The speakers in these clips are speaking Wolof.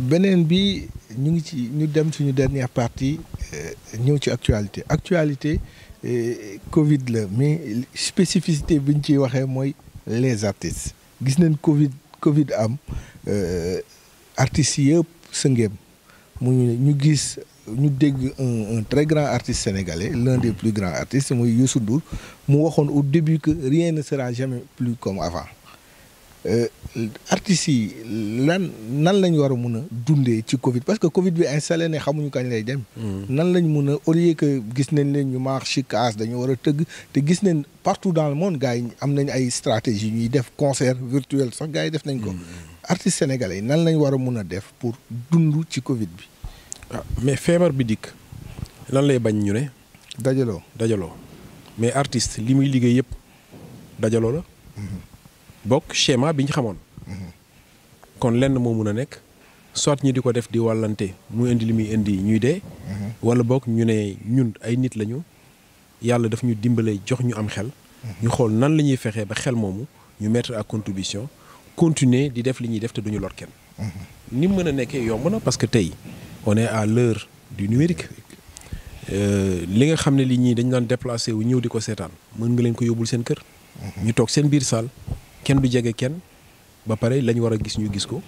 beneen bi ñu ngi ci ñu dem suñu dernière partie euh, ñëw ci actualité actualité euh, Covid la mais spécificité bi ñu ciy waxee mooy les artistes gis nañ Covid Covid am euh, artistes yëpp sëngeem mu ñu gis ñu dégg un un très grand artiste sénégalais l'un des plus grands artistes muy Youssou Ndour mu waxoon au début que rien ne sera jamais plus comme avant. Euh, artistes yi lan nan lañ war a mun a dundee ci Covid parce que Covid bi installé ne xamuñu kañ lay dem. Mm. nan lañ mun a au lieu que gis nañ leen ñu marché kaas dañu war a tëgg te gis nañ partout dans le monde gars yi am nañ ay stratégie ñuy def concert virtuel sax gars yi def nañ ko. Mm. artistes sénégalais yi nan lañ war a mun a def pour dund ci Covid bi. Ah, mais feebar bi dikk lan lay bañ ñu ne. dajaloo dajaloo mais artiste li muy liggéey yëpp dajaloo la. Mm-hmm. bokk schéma bi ñu xamoon. kon lenn moo mun a nekk soit ñu di ko def di wàllante mu indi li muy indi ñuy dee. wala boog ñu ne ñun ay nit lañu yàlla daf ñu dimbale jox ñu am xel. ñu xool nan la ñuy fexee ba xel moomu ñu mettre à contribution continuer di def li ñuy def te duñu lor kenn. ni mën a nekkee yomb na parce que tey on est à l'heure du numérique. Euh, li nga xam ne li ñii dañu daan déplacé wu ñëw di ko seetaan mën nga leen ko yóbbul seen kër. ñu toog seen biir salle. kenn du jege kenn ba pare lañ war a gis ñu gis ko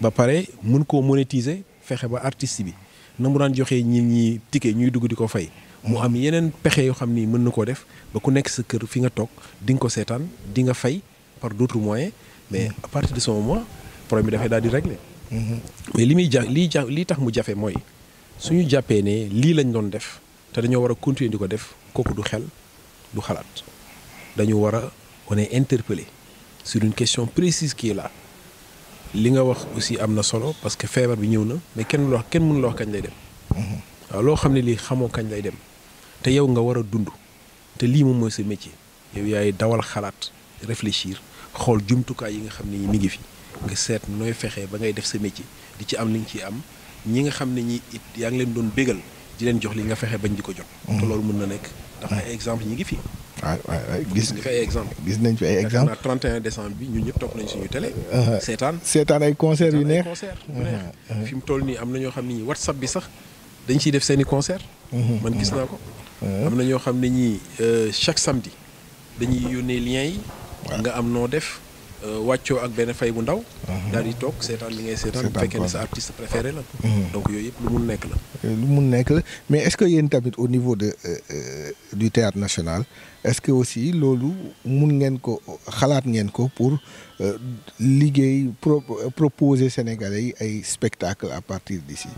ba pare mën koo monétiser fexe ba artiste bi na mu daan joxee ñi ñi ticket ñuy dugg di ko fay mu am yeneen pexe yoo xam ni mën na koo def ba ku nekk sa kër fi nga toog di nga ko seetaan di nga fay par d'autres moyens mais à de ce moment problème bi dafay daal di régler mm-hmm. li muy ja li ja lii tax mu jafe mooy suñu jàppee ne lii lañ doon def te dañoo war a continuer di ko def kooku du xel du xalaat dañu war a on est sur une question précise qui est là li nga wax aussi am na solo parce que feebar bi ñëw na mais kenn loo kenn mënu la wax kañ lay dem. waaw loo xam ne lii xamoo kañ lay dem te yow nga war a dund te lii moom mooy sa métier yow yaay dawal xalaat réfléchir xool jumtukaay yi nga xam ne mi ngi fi nga seet nooy fexee ba ngay def sa métier di ci am li ciy am ñi nga xam ne ñi it yaa ngi leen doon bégal di leen jox li nga fexe bañ di ko jot. te loolu mën na nekk ndax exemple ñi ngi fi. waaw waaw gis nañ fi ay exemple gis nañ fi ay exemple 31 décembre bi ñu ñëpp topp nañ suñu télé. Uh-huh. seetaan seetaan ay concert yu neex uh-huh. Uh-huh. fi mu toll nii am na ñoo xam ne ñi whatsapp bi sax dañ ciy def seen i concert man gis naa ko am na ñoo xam ne ñi euh, chaque samedi dañuy yónnee liens yi nga am noo def Euh, wàccoo ak benn fay bu ndaw. Mhm. daal di toog seetaan li ngay seetaan bu fekkee ne sa artiste préféré la. Mhm. donc yooyu yëpp lu mun nekk la. Euh, lu mun nekk la mais est-ce que yéen tamit au niveau de euh, du théâtre national est-ce que aussi loolu mun ngeen ko xalaat ngeen ko pour liggéey pro proposer sénégalais yi ay spectacle à partir d'ici.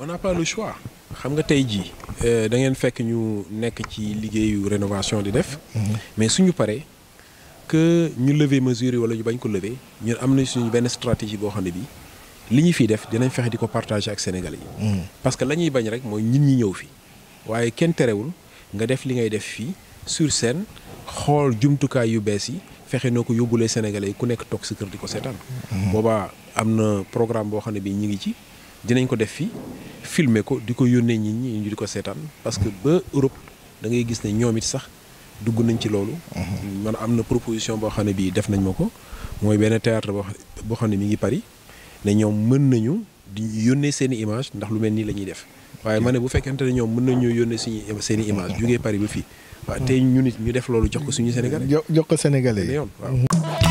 on n'a pas le xam nga tey jii. da ngeen fekk ñu nekk ci liggéeyu rénovation di def. Mhm. mais suñu paree. que ñu lever mesure yi wala ñu bañ ko lever ñun am nañ suñu benn stratégie boo xam ne bii li ñu fiy def dinañ fexe di ko partage ak Sénégalais yi. Mm. parce que lañuy bañ rek mooy ñin ñi ñëw fi waaye kenn terewul nga def li ngay def fii sur scène xool jumtukaay yu bees yi fexe noo ko yóbbulee Sénégalais yi ku nekk toog sa kër di ko seetaan. Mm. Mm. boobaa am na programme boo xam ne bii ñu ngi ci dinañ ko def fii filmer ko di ko yónnee ñi ñi di ko seetaan parce que ba Europe da ngay gis ne ñoom it sax. dugg nañ ci loolu. Mhm. man am na proposition boo xam ne bii def nañ ma ko mooy benn théâtre boo xam ne mi ngi Paris ne ñoom mën nañu di yónnee seen i image ndax lu mel nii la ñuy def waaye ma ne bu fekkente ne ñoom mën nañu yónnee suñu seen image jógee Paris ba fii. waaw tey ñu nit ñu def loolu jox ko suñu Sénégalais. jox ko Sénégalais yi yoon waaw. Mhm.